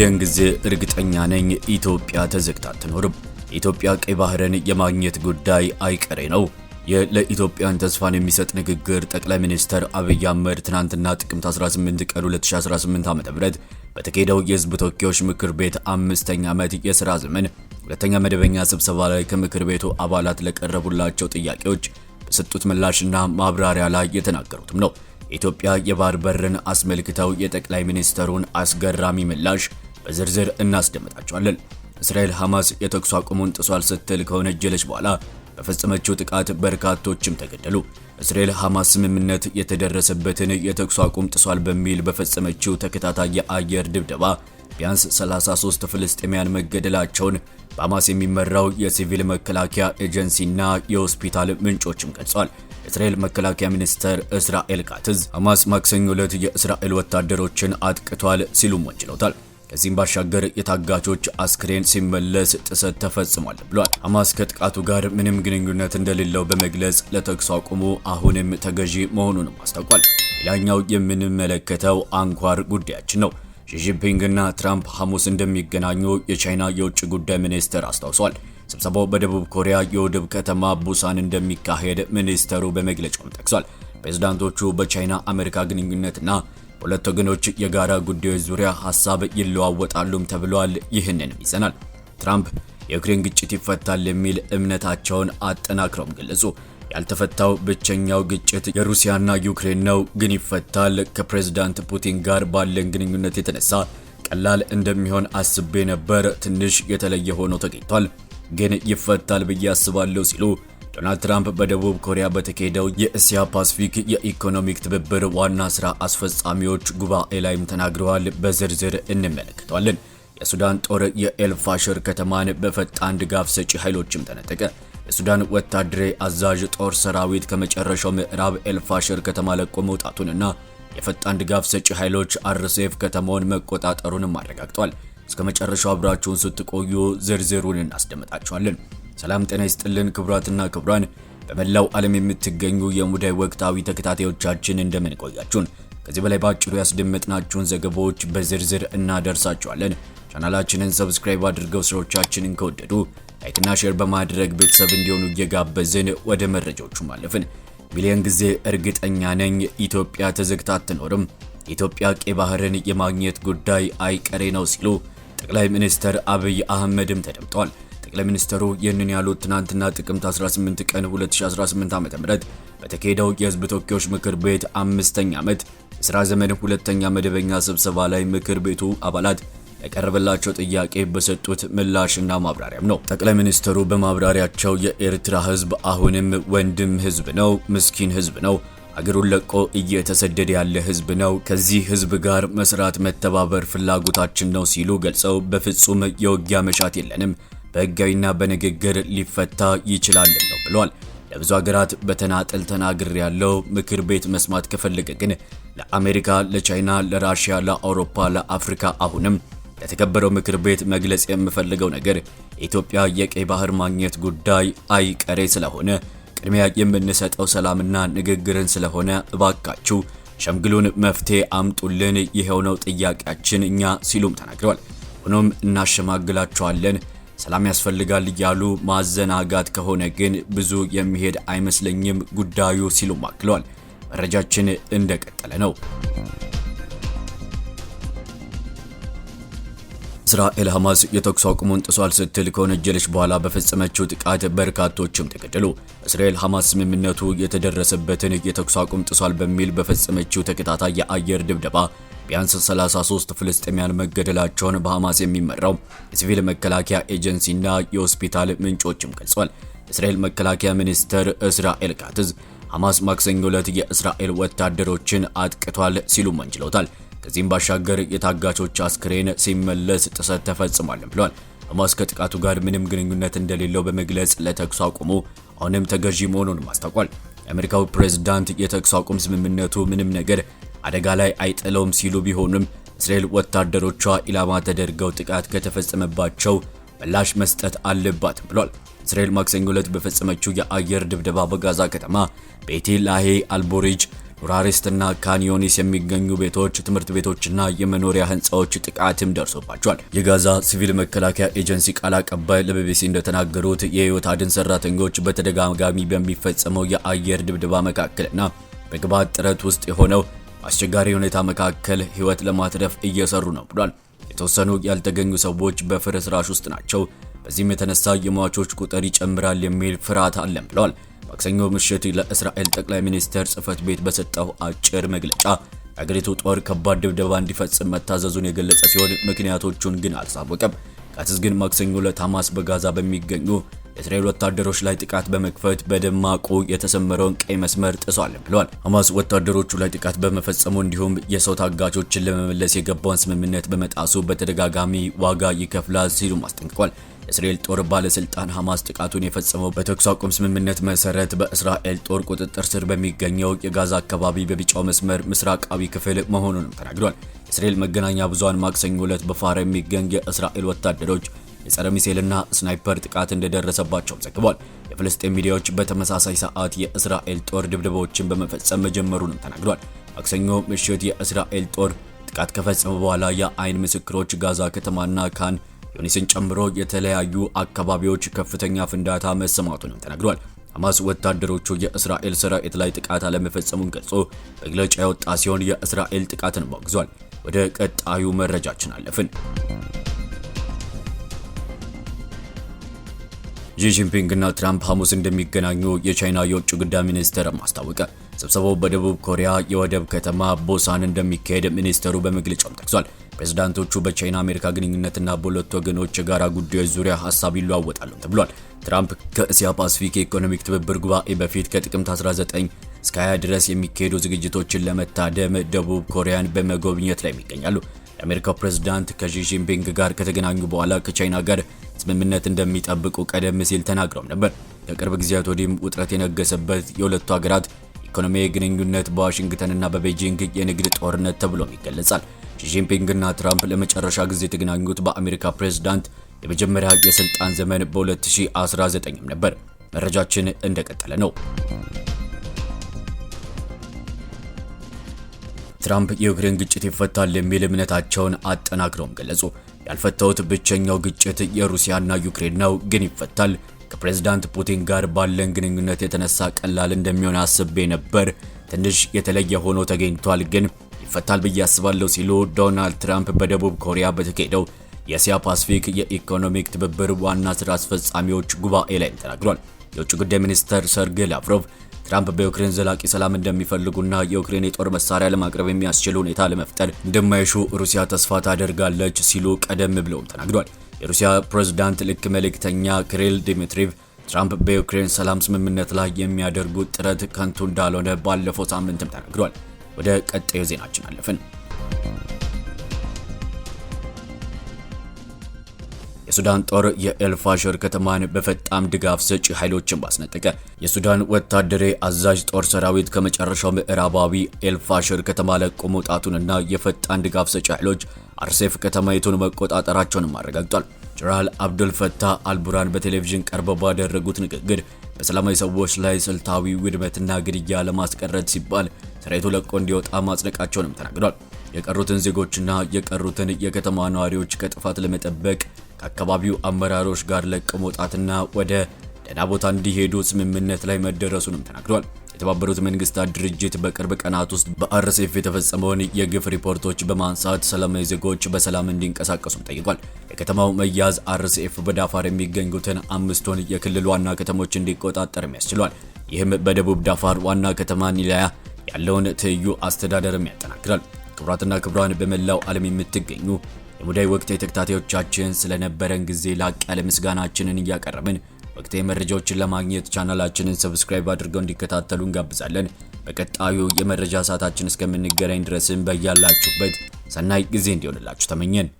ሚሊዮን ጊዜ እርግጠኛ ነኝ ኢትዮጵያ ተዘግታ አትኖርም። ኢትዮጵያ ቀይ ባህርን የማግኘት ጉዳይ አይቀሬ ነው። ይህ ለኢትዮጵያን ተስፋን የሚሰጥ ንግግር ጠቅላይ ሚኒስትር አብይ አህመድ ትናንትና ጥቅምት 18 ቀን 2018 ም በተካሄደው የህዝብ ተወካዮች ምክር ቤት አምስተኛ ዓመት የሥራ ዘመን ሁለተኛ መደበኛ ስብሰባ ላይ ከምክር ቤቱ አባላት ለቀረቡላቸው ጥያቄዎች በሰጡት ምላሽና ማብራሪያ ላይ የተናገሩትም ነው። ኢትዮጵያ የባህር በርን አስመልክተው የጠቅላይ ሚኒስትሩን አስገራሚ ምላሽ በዝርዝር እናስደምጣቸዋለን። እስራኤል ሐማስ የተኩስ አቁሙን ጥሷል ስትል ከወነጀለች በኋላ በፈጸመችው ጥቃት በርካቶችም ተገደሉ። እስራኤል ሐማስ ስምምነት የተደረሰበትን የተኩስ አቁም ጥሷል በሚል በፈጸመችው ተከታታይ የአየር ድብደባ ቢያንስ 33 ፍልስጤማውያን መገደላቸውን በሐማስ የሚመራው የሲቪል መከላከያ ኤጀንሲና የሆስፒታል ምንጮችም ገልጸዋል። እስራኤል መከላከያ ሚኒስትር እስራኤል ካትዝ ሐማስ ማክሰኞ ዕለት የእስራኤል ወታደሮችን አጥቅቷል ሲሉም ወንጅለውታል። ከዚህም ባሻገር የታጋቾች አስክሬን ሲመለስ ጥሰት ተፈጽሟል ብሏል። ሐማስ ከጥቃቱ ጋር ምንም ግንኙነት እንደሌለው በመግለጽ ለተኩስ አቁሙ አሁንም ተገዢ መሆኑንም አስታውቋል። ሌላኛው የምንመለከተው አንኳር ጉዳያችን ነው። ሺጂንፒንግና ትራምፕ ሐሙስ እንደሚገናኙ የቻይና የውጭ ጉዳይ ሚኒስትር አስታውሷል። ስብሰባው በደቡብ ኮሪያ የወደብ ከተማ ቡሳን እንደሚካሄድ ሚኒስተሩ በመግለጫውም ጠቅሷል። ፕሬዝዳንቶቹ በቻይና አሜሪካ ግንኙነትና በሁለት ወገኖች የጋራ ጉዳዮች ዙሪያ ሀሳብ ይለዋወጣሉም ተብሏል። ይህንንም ይዘናል። ትራምፕ የዩክሬን ግጭት ይፈታል የሚል እምነታቸውን አጠናክረውም ገለጹ። ያልተፈታው ብቸኛው ግጭት የሩሲያና ዩክሬን ነው፣ ግን ይፈታል። ከፕሬዝዳንት ፑቲን ጋር ባለን ግንኙነት የተነሳ ቀላል እንደሚሆን አስቤ ነበር። ትንሽ የተለየ ሆኖ ተገኝቷል፣ ግን ይፈታል ብዬ አስባለሁ ሲሉ ዶናልድ ትራምፕ በደቡብ ኮሪያ በተካሄደው የእስያ ፓሲፊክ የኢኮኖሚክ ትብብር ዋና ስራ አስፈጻሚዎች ጉባኤ ላይም ተናግረዋል። በዝርዝር እንመለከተዋለን። የሱዳን ጦር የኤልፋሽር ከተማን በፈጣን ድጋፍ ሰጪ ኃይሎችም ተነጠቀ። የሱዳን ወታደራዊ አዛዥ ጦር ሰራዊት ከመጨረሻው ምዕራብ ኤልፋሽር ከተማ ለቆ መውጣቱንና የፈጣን ድጋፍ ሰጪ ኃይሎች አርሴፍ ከተማውን መቆጣጠሩንም አረጋግጧል። እስከ መጨረሻው አብራችሁን ስትቆዩ ዝርዝሩን እናስደምጣችኋለን። ሰላም ጤና ይስጥልን ክቡራትና ክቡራን በመላው ዓለም የምትገኙ የሙዳይ ወቅታዊ ተከታታዮቻችን እንደምን ቆያችሁን። ከዚህ በላይ በአጭሩ ያስደመጥናችሁን ዘገባዎች በዝርዝር እናደርሳችኋለን። ቻናላችንን ሰብስክራይብ አድርገው ስራዎቻችንን ከወደዱ ላይክና ሼር በማድረግ ቤተሰብ እንዲሆኑ እየጋበዝን ወደ መረጃዎቹ ማለፍን። ሚሊዮን ጊዜ እርግጠኛ ነኝ ኢትዮጵያ ተዘግታ አትኖርም፣ የኢትዮጵያ ቀይ ባህርን የማግኘት ጉዳይ አይቀሬ ነው ሲሉ ጠቅላይ ሚኒስትር አብይ አህመድም ተደምጠዋል። ጠቅላይ ሚኒስትሩ ይህንን ያሉት ትናንትና ጥቅምት 18 ቀን 2018 ዓ.ም በተካሄደው የህዝብ ተወካዮች ምክር ቤት አምስተኛ ዓመት የሥራ ዘመን ሁለተኛ መደበኛ ስብሰባ ላይ ምክር ቤቱ አባላት ለቀረበላቸው ጥያቄ በሰጡት ምላሽና ማብራሪያም ነው። ጠቅላይ ሚኒስትሩ በማብራሪያቸው የኤርትራ ህዝብ አሁንም ወንድም ህዝብ ነው፣ ምስኪን ህዝብ ነው፣ አገሩን ለቆ እየተሰደደ ያለ ህዝብ ነው። ከዚህ ህዝብ ጋር መስራት፣ መተባበር ፍላጎታችን ነው ሲሉ ገልጸው በፍጹም የውጊያ መሻት የለንም በህጋዊና በንግግር ሊፈታ ይችላል ነው ብሏል። ለብዙ ሀገራት በተናጠል ተናግር ያለው ምክር ቤት መስማት ከፈለገ ግን ለአሜሪካ፣ ለቻይና፣ ለራሽያ፣ ለአውሮፓ፣ ለአፍሪካ አሁንም ለተከበረው ምክር ቤት መግለጽ የምፈልገው ነገር ኢትዮጵያ የቀይ ባህር ማግኘት ጉዳይ አይቀሬ ስለሆነ ቅድሚያ የምንሰጠው ሰላምና ንግግርን ስለሆነ እባካችሁ ሸምግሉን፣ መፍትሄ አምጡልን፣ ይኸው ነው ጥያቄያችን እኛ ሲሉም ተናግረዋል። ሆኖም እናሸማግላችኋለን ሰላም ያስፈልጋል እያሉ ማዘናጋት ከሆነ ግን ብዙ የሚሄድ አይመስለኝም ጉዳዩ ሲሉ አክለዋል። መረጃችን እንደቀጠለ ነው። እስራኤል ሐማስ የተኩስ አቁሙን ጥሷል ስትል ከወነጀለች በኋላ በፈጸመችው ጥቃት በርካቶችም ተገደሉ። እስራኤል ሐማስ ስምምነቱ የተደረሰበትን የተኩስ አቁም ጥሷል በሚል በፈጸመችው ተከታታይ የአየር ድብደባ ቢያንስ 33 ፍልስጤሚያን መገደላቸውን በሐማስ የሚመራው የሲቪል መከላከያ ኤጀንሲና የሆስፒታል ምንጮችም ገልጿል። የእስራኤል መከላከያ ሚኒስትር እስራኤል ካትዝ ሐማስ ማክሰኞ ዕለት የእስራኤል ወታደሮችን አጥቅቷል ሲሉም ወንጅለውታል። ከዚህም ባሻገር የታጋቾች አስክሬን ሲመለስ ጥሰት ተፈጽሟልም ብለዋል። ሐማስ ከጥቃቱ ጋር ምንም ግንኙነት እንደሌለው በመግለጽ ለተኩስ አቁሙ አሁንም ተገዢ መሆኑን አስታውቋል። የአሜሪካው ፕሬዝዳንት የተኩስ አቁም ስምምነቱ ምንም ነገር አደጋ ላይ አይጥለውም ሲሉ ቢሆንም እስራኤል ወታደሮቿ ኢላማ ተደርገው ጥቃት ከተፈጸመባቸው ምላሽ መስጠት አለባት ብሏል። እስራኤል ማክሰኞ ዕለት በፈጸመችው የአየር ድብደባ በጋዛ ከተማ ቤቴል ላሄ፣ አልቦሪጅ፣ ኑራሪስትና ካንዮኒስ የሚገኙ ቤቶች፣ ትምህርት ቤቶችና የመኖሪያ ህንፃዎች ጥቃትም ደርሶባቸዋል። የጋዛ ሲቪል መከላከያ ኤጀንሲ ቃል አቀባይ ለቢቢሲ እንደተናገሩት የህይወት አድን ሰራተኞች በተደጋጋሚ በሚፈጸመው የአየር ድብደባ መካከልና በግብዓት ጥረት ውስጥ የሆነው በአስቸጋሪ ሁኔታ መካከል ህይወት ለማትረፍ እየሰሩ ነው ብሏል። የተወሰኑ ያልተገኙ ሰዎች በፍርስራሽ ውስጥ ናቸው። በዚህም የተነሳ የሟቾች ቁጥር ይጨምራል የሚል ፍርሃት አለም ብለዋል። ማክሰኞ ምሽት ለእስራኤል ጠቅላይ ሚኒስትር ጽህፈት ቤት በሰጠው አጭር መግለጫ የአገሪቱ ጦር ከባድ ድብደባ እንዲፈጽም መታዘዙን የገለጸ ሲሆን ምክንያቶቹን ግን አልታወቀም። ቀትስ ግን ማክሰኞ ዕለት ሐማስ በጋዛ በሚገኙ የእስራኤል ወታደሮች ላይ ጥቃት በመክፈት በደማቁ የተሰመረውን ቀይ መስመር ጥሷል ብለዋል። ሐማስ ወታደሮቹ ላይ ጥቃት በመፈጸሙ እንዲሁም የሰው ታጋቾችን ለመመለስ የገባውን ስምምነት በመጣሱ በተደጋጋሚ ዋጋ ይከፍላል ሲሉም አስጠንቅቋል። የእስራኤል ጦር ባለስልጣን ሐማስ ጥቃቱን የፈጸመው በተኩስ አቁም ስምምነት መሰረት በእስራኤል ጦር ቁጥጥር ስር በሚገኘው የጋዛ አካባቢ በቢጫው መስመር ምስራቃዊ ክፍል መሆኑንም ተናግሯል። የእስራኤል መገናኛ ብዙሃን ማክሰኞ ዕለት በፋራ የሚገኝ የእስራኤል ወታደሮች የጸረ ሚሳኤልና ስናይፐር ጥቃት እንደደረሰባቸውም ዘግቧል። የፍልስጤን ሚዲያዎች በተመሳሳይ ሰዓት የእስራኤል ጦር ድብደባዎችን በመፈጸም መጀመሩንም ተናግሯል። ማክሰኞ ምሽት የእስራኤል ጦር ጥቃት ከፈጸመ በኋላ የአይን ምስክሮች ጋዛ ከተማና ካን ዮኒስን ጨምሮ የተለያዩ አካባቢዎች ከፍተኛ ፍንዳታ መሰማቱንም ተናግሯል። ሐማስ ወታደሮቹ የእስራኤል ሰራዊት ላይ ጥቃት አለመፈጸሙን ገልጾ መግለጫ የወጣ ሲሆን የእስራኤል ጥቃትን አውግዟል። ወደ ቀጣዩ መረጃችን አለፍን። እና ትራምፕ ሐሙስ እንደሚገናኙ የቻይና የውጭ ጉዳይ ሚኒስትር ማስታወቀ። ስብሰባው በደቡብ ኮሪያ የወደብ ከተማ ቦሳን እንደሚካሄድ ሚኒስትሩ በመግለጫው ጠቅሷል። ፕሬዝዳንቶቹ በቻይና አሜሪካ ግንኙነትና በሁለት ወገኖች የጋራ ጉዳዮች ዙሪያ ሀሳብ ይለዋወጣሉ ተብሏል። ትራምፕ ከእስያ ፓሲፊክ የኢኮኖሚክ ትብብር ጉባኤ በፊት ከጥቅምት 19 እስከ 20 ድረስ የሚካሄዱ ዝግጅቶችን ለመታደም ደቡብ ኮሪያን በመጎብኘት ላይ ይገኛሉ። የአሜሪካው ፕሬዝዳንት ከሺ ጂንፒንግ ጋር ከተገናኙ በኋላ ከቻይና ጋር ስምምነት እንደሚጠብቁ ቀደም ሲል ተናግረው ነበር። ከቅርብ ጊዜያት ወዲህም ውጥረት የነገሰበት የሁለቱ ሀገራት ኢኮኖሚያዊ ግንኙነት በዋሽንግተንና በቤጂንግ የንግድ ጦርነት ተብሎም ይገለጻል። ሺጂንፒንግና ትራምፕ ለመጨረሻ ጊዜ የተገናኙት በአሜሪካ ፕሬዝዳንት የመጀመሪያ የስልጣን ዘመን በ2019 ነበር። መረጃችን እንደቀጠለ ነው። ትራምፕ የዩክሬን ግጭት ይፈታል የሚል እምነታቸውን አጠናክረውም ገለጹ። ያልፈታሁት ብቸኛው ግጭት የሩሲያና ዩክሬን ነው፣ ግን ይፈታል። ከፕሬዝዳንት ፑቲን ጋር ባለን ግንኙነት የተነሳ ቀላል እንደሚሆን አስቤ ነበር። ትንሽ የተለየ ሆኖ ተገኝቷል፣ ግን ይፈታል ብዬ አስባለሁ ሲሉ ዶናልድ ትራምፕ በደቡብ ኮሪያ በተካሄደው የእስያ ፓስፊክ የኢኮኖሚክ ትብብር ዋና ስራ አስፈጻሚዎች ጉባኤ ላይ ተናግሯል። የውጭ ጉዳይ ሚኒስተር ሰርጌይ ላቭሮቭ ትራምፕ በዩክሬን ዘላቂ ሰላም እንደሚፈልጉና የዩክሬን የጦር መሳሪያ ለማቅረብ የሚያስችል ሁኔታ ለመፍጠር እንደማይሹ ሩሲያ ተስፋ ታደርጋለች ሲሉ ቀደም ብለው ተናግሯል። የሩሲያ ፕሬዝዳንት ልክ መልእክተኛ ክሪል ዲሚትሪቭ ትራምፕ በዩክሬን ሰላም ስምምነት ላይ የሚያደርጉት ጥረት ከንቱ እንዳልሆነ ባለፈው ሳምንትም ተናግሯል። ወደ ቀጣዩ ዜናችን አለፍን። የሱዳን ጦር የኤልፋሸር ከተማን በፈጣን ድጋፍ ሰጪ ኃይሎችን ባስነጠቀ። የሱዳን ወታደራዊ አዛዥ ጦር ሰራዊት ከመጨረሻው ምዕራባዊ ኤልፋሸር ከተማ ለቆ መውጣቱንና የፈጣን ድጋፍ ሰጪ ኃይሎች አርሴፍ ከተማይቱን መቆጣጠራቸውንም አረጋግጧል። ጀነራል አብዱልፈታህ አልቡራን በቴሌቪዥን ቀርበው ባደረጉት ንግግር በሰላማዊ ሰዎች ላይ ስልታዊ ውድመትና ግድያ ለማስቀረት ሲባል ሰራዊቱ ለቆ እንዲወጣ ማጽደቃቸውንም ተናግሯል። የቀሩትን ዜጎችና የቀሩትን የከተማ ነዋሪዎች ከጥፋት ለመጠበቅ ከአካባቢው አመራሮች ጋር ለቀው መውጣትና ወደ ደህና ቦታ እንዲሄዱ ስምምነት ላይ መደረሱንም ተናግሯል። የተባበሩት መንግስታት ድርጅት በቅርብ ቀናት ውስጥ በአርሴፍ የተፈጸመውን የግፍ ሪፖርቶች በማንሳት ሰላማዊ ዜጎች በሰላም እንዲንቀሳቀሱም ጠይቋል። የከተማው መያዝ አርሴፍ በዳፋር የሚገኙትን አምስቱን የክልል ዋና ከተሞች እንዲቆጣጠርም ያስችሏል። ይህም በደቡብ ዳፋር ዋና ከተማ ኒላያ ያለውን ትይዩ አስተዳደርም ያጠናክራል። ክብራትና ክብራን በመላው ዓለም የምትገኙ የሙዳይ ወቅታዊ ተከታታዮቻችን ስለነበረን ጊዜ ላቅ ያለ ምስጋናችንን እያቀረብን ወቅታዊ መረጃዎችን ለማግኘት ቻናላችንን ሰብስክራይብ አድርገው እንዲከታተሉ እንጋብዛለን። በቀጣዩ የመረጃ ሰዓታችን እስከምንገናኝ ድረስን በያላችሁበት ሰናይ ጊዜ እንዲሆንላችሁ ተመኘን።